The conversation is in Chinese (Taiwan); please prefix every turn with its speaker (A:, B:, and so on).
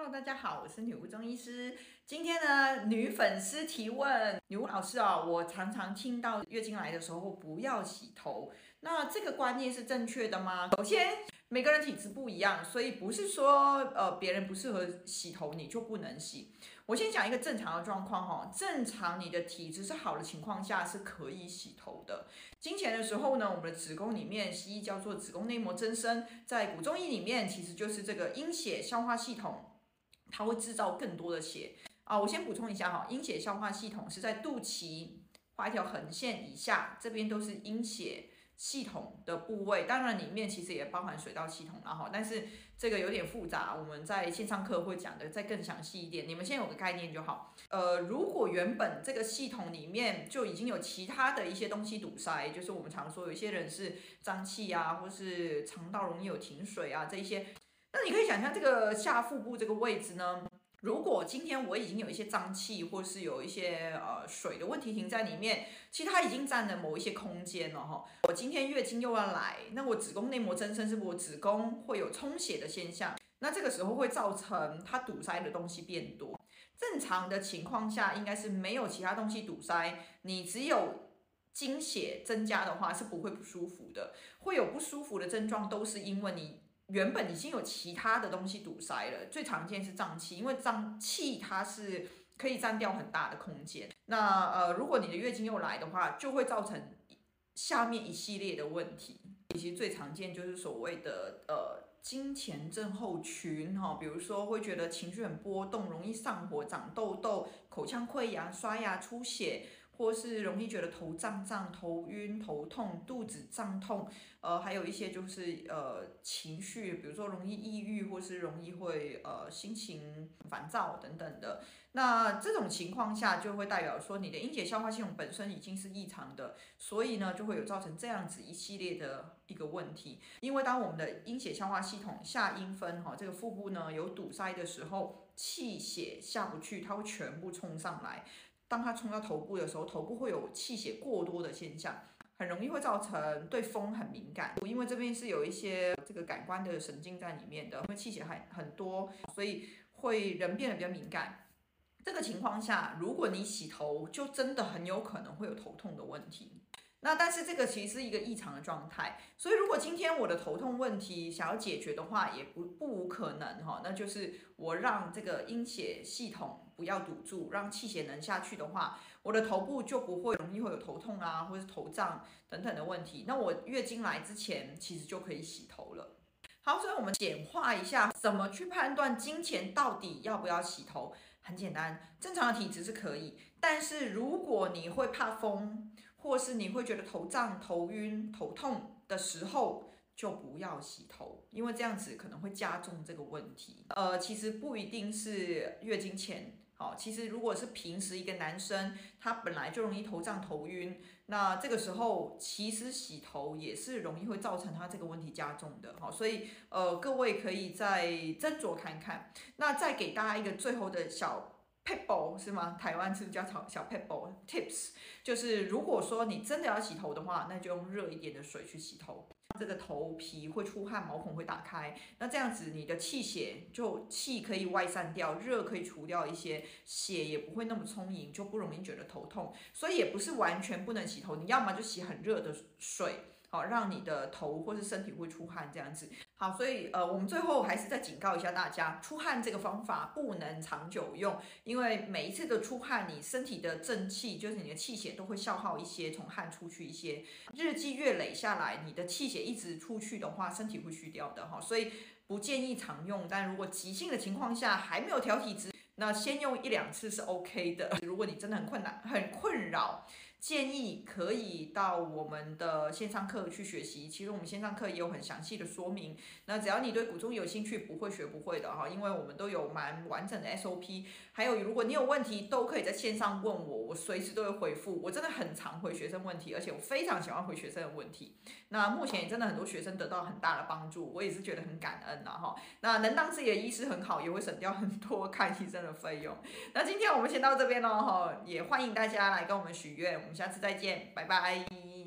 A: 哈嘍，Hello, 大家好，我是女巫中醫師。今天呢，女粉絲提問，女巫老師啊，我常常聽到月經來的時候不要洗頭，那這個觀念是正確的嗎？首先，每個人體質不一樣，所以不是說呃別人不適合洗頭你就不能洗。我先講一個正常的狀況哈，正常你的體質是好的情況下是可以洗頭的。經前的時候呢，我們的子宮裡面西醫叫做子宮內膜增生，在古中醫裡面其實就是這個陰血消化系統。它會制造更多的血啊！我先補充一下哈，陰血消化系統是在肚臍畫一條橫線以下，這邊都是陰血系統的部位。當然裡面其實也包含水道系統了、啊、哈，但是這個有點複雜，我們在線上課會講的再更詳細一點，你們先有個概念就好。呃，如果原本這個系統裡面就已經有其他的一些東西堵塞，就是我們常說有些人是脹氣呀，或是腸道容易有停水啊這一些。那你可以想象這個下腹部這個位置呢，如果今天我已經有一些脹氣，或是有一些呃水的問題停在裡面，其實它已經占了某一些空間了哈。我今天月經又要來，那我子宮內膜增生，是不是我子宮會有充血的現象？那這個時候會造成它堵塞的東西變多。正常的情況下應該是沒有其他東西堵塞，你只有經血增加的話是不會不舒服的。會有不舒服的症狀都是因為你。原本已經有其他的東西堵塞了，最常見是脹氣，因為脹氣它是可以占掉很大的空間。那呃，如果你的月經又來的話，就會造成下面一系列的問題。其實最常見就是所謂的呃經前症候群哈、哦，比如說會覺得情緒很波動，容易上火、長痘痘、口腔潰瘍、刷牙出血。或是容易覺得頭脹脹、頭暈、頭痛、肚子脹痛，呃，還有一些就是呃情緒，比如說容易抑鬱，或是容易會呃心情煩躁等等的。那這種情況下，就會代表說你的陰血消化系統本身已經是異常的，所以呢，就會有造成這樣子一系列的一個問題。因為當我們的陰血消化系統下陰分哈、哦，這個腹部呢有堵塞的時候，氣血下不去，它會全部衝上來。當它衝到頭部的時候，頭部會有氣血過多的現象，很容易會造成對風很敏感。因為這邊是有一些這個感官的神經在裡面的，因為氣血還很多，所以會人變得比較敏感。這個情況下，如果你洗頭，就真的很有可能會有頭痛的問題。那但是這個其實是一個異常的狀態，所以如果今天我的頭痛問題想要解決的話，也不不無可能哈，那就是我讓這個陰血系統不要堵住，讓氣血能下去的話，我的頭部就不會容易會有頭痛啊，或者是頭脹等等的問題。那我月經來之前其實就可以洗頭了。好，所以我們簡化一下，怎麼去判斷經前到底要不要洗頭？很簡單，正常的體質是可以，但是如果你會怕風。或是你會覺得頭脹、頭暈、頭痛的時候，就不要洗頭，因為這樣子可能會加重這個問題。呃，其實不一定是月經前，哦。其實如果是平時一個男生，他本來就容易頭脹、頭暈，那這個時候其實洗頭也是容易會造成他這個問題加重的，好，所以呃，各位可以再斟酌看看。那再給大家一個最後的小。pebble 是嗎？台灣是不是叫小小 pebble tips？就是如果說你真的要洗頭的話，那就用熱一點的水去洗頭，這個頭皮會出汗，毛孔會打開，那這樣子你的氣血就氣可以外散掉，熱可以除掉一些，血也不會那麼充盈，就不容易覺得頭痛，所以也不是完全不能洗頭，你要麼就洗很熱的水，好、哦，讓你的頭或是身體會出汗這樣子。好，所以呃，我們最後還是再警告一下大家，出汗這個方法不能長久用，因為每一次的出汗，你身體的正氣就是你的氣血都會消耗一些，從汗出去一些。日積月累下來，你的氣血一直出去的話，身體會虛掉的哈、哦。所以不建議常用，但如果急性的情況下還沒有調體質，那先用一兩次是 OK 的。如果你真的很困難、很困擾。建議可以到我們的線上課去學習，其實我們線上課也有很詳細的說明。那只要你對古中有興趣，不會學不會的哈，因為我們都有蠻完整的 SOP。還有如果你有問題，都可以在線上問我，我隨時都會回復。我真的很常回學生問題，而且我非常喜歡回學生的問題。那目前也真的很多學生得到很大的幫助，我也是覺得很感恩的，啊、哈。那能當自己的醫師很好，也會省掉很多看醫生的費用。那今天我們先到這邊嘍哈，也歡迎大家來跟我們許願。我們下次再見，拜拜。